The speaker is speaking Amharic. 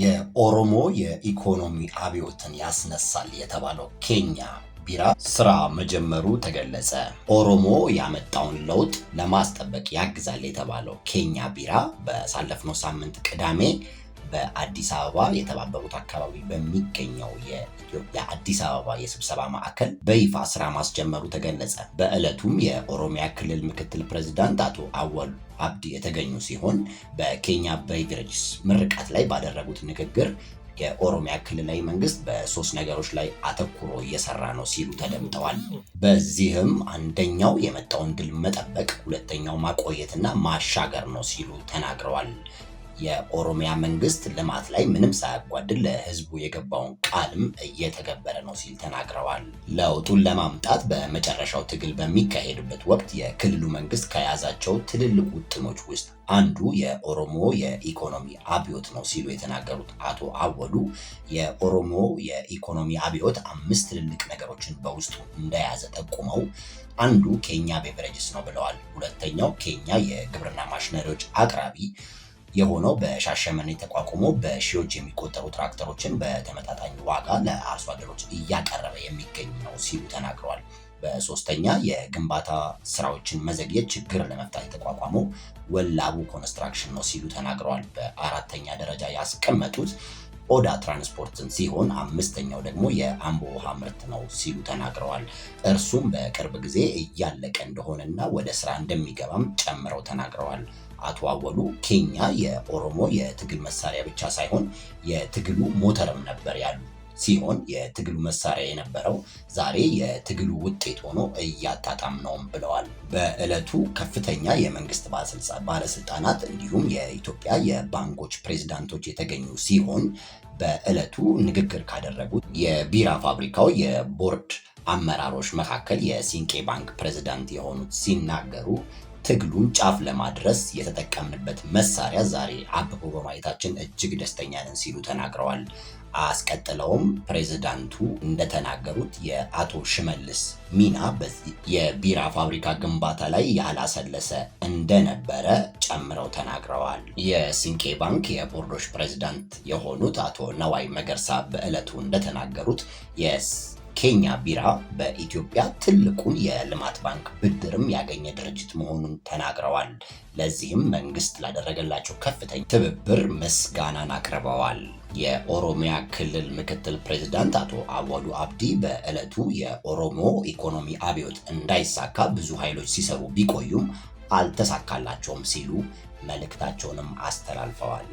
የኦሮሞ የኢኮኖሚ አብዮትን ያስነሳል የተባለው ኬኛ ቢራ ስራ መጀመሩ ተገለጸ። ኦሮሞ ያመጣውን ለውጥ ለማስጠበቅ ያግዛል የተባለው ኬኛ ቢራ በሳለፍነው ሳምንት ቅዳሜ በአዲስ አበባ የተባበሩት አካባቢ በሚገኘው የኢትዮጵያ አዲስ አበባ የስብሰባ ማዕከል በይፋ ስራ ማስጀመሩ ተገለጸ። በዕለቱም የኦሮሚያ ክልል ምክትል ፕሬዚዳንት አቶ አወሉ አብዲ የተገኙ ሲሆን በኬንያ ቤቨሬጅስ ምርቃት ላይ ባደረጉት ንግግር የኦሮሚያ ክልላዊ መንግስት በሶስት ነገሮች ላይ አተኩሮ እየሰራ ነው ሲሉ ተደምጠዋል። በዚህም አንደኛው የመጣውን ድል መጠበቅ፣ ሁለተኛው ማቆየትና ማሻገር ነው ሲሉ ተናግረዋል። የኦሮሚያ መንግስት ልማት ላይ ምንም ሳያጓድል ለህዝቡ የገባውን ቃልም እየተገበረ ነው ሲል ተናግረዋል። ለውጡን ለማምጣት በመጨረሻው ትግል በሚካሄድበት ወቅት የክልሉ መንግስት ከያዛቸው ትልልቅ ውጥኖች ውስጥ አንዱ የኦሮሞ የኢኮኖሚ አብዮት ነው ሲሉ የተናገሩት አቶ አወሉ የኦሮሞ የኢኮኖሚ አብዮት አምስት ትልልቅ ነገሮችን በውስጡ እንደያዘ ጠቁመው አንዱ ኬኛ ቤቨሬጅስ ነው ብለዋል። ሁለተኛው ኬኛ የግብርና ማሽነሪዎች አቅራቢ የሆነው በሻሸመኔ ተቋቁሞ በሺዎች የሚቆጠሩ ትራክተሮችን በተመጣጣኝ ዋጋ ለአርሶ አደሮች እያቀረበ የሚገኝ ነው ሲሉ ተናግረዋል። በሶስተኛ የግንባታ ስራዎችን መዘግየት ችግር ለመፍታት የተቋቋመው ወላቡ ኮንስትራክሽን ነው ሲሉ ተናግረዋል። በአራተኛ ደረጃ ያስቀመጡት ኦዳ ትራንስፖርትን ሲሆን አምስተኛው ደግሞ የአምቦ ውሃ ምርት ነው ሲሉ ተናግረዋል። እርሱም በቅርብ ጊዜ እያለቀ እንደሆነና ወደ ስራ እንደሚገባም ጨምረው ተናግረዋል። አቶ አወሉ ኬኛ የኦሮሞ የትግል መሳሪያ ብቻ ሳይሆን የትግሉ ሞተርም ነበር ያሉ ሲሆን የትግሉ መሳሪያ የነበረው ዛሬ የትግሉ ውጤት ሆኖ እያጣጣም ነውም ብለዋል። በዕለቱ ከፍተኛ የመንግስት ባለስልጣናት እንዲሁም የኢትዮጵያ የባንኮች ፕሬዝዳንቶች የተገኙ ሲሆን በዕለቱ ንግግር ካደረጉት የቢራ ፋብሪካው የቦርድ አመራሮች መካከል የሲንቄ ባንክ ፕሬዝዳንት የሆኑት ሲናገሩ ትግሉን ጫፍ ለማድረስ የተጠቀምንበት መሳሪያ ዛሬ አብቦ በማየታችን እጅግ ደስተኛ ነን ሲሉ ተናግረዋል። አስቀጥለውም ፕሬዝዳንቱ እንደተናገሩት የአቶ ሽመልስ ሚና የቢራ ፋብሪካ ግንባታ ላይ ያላሰለሰ እንደነበረ ጨምረው ተናግረዋል። የስንቄ ባንክ የቦርዶች ፕሬዝዳንት የሆኑት አቶ ነዋይ መገርሳ በዕለቱ እንደተናገሩት ኬኛ ቢራ በኢትዮጵያ ትልቁን የልማት ባንክ ብድርም ያገኘ ድርጅት መሆኑን ተናግረዋል። ለዚህም መንግስት ላደረገላቸው ከፍተኛ ትብብር ምስጋናን አቅርበዋል። የኦሮሚያ ክልል ምክትል ፕሬዝዳንት አቶ አወሉ አብዲ በዕለቱ የኦሮሞ ኢኮኖሚ አብዮት እንዳይሳካ ብዙ ኃይሎች ሲሰሩ ቢቆዩም አልተሳካላቸውም ሲሉ መልእክታቸውንም አስተላልፈዋል።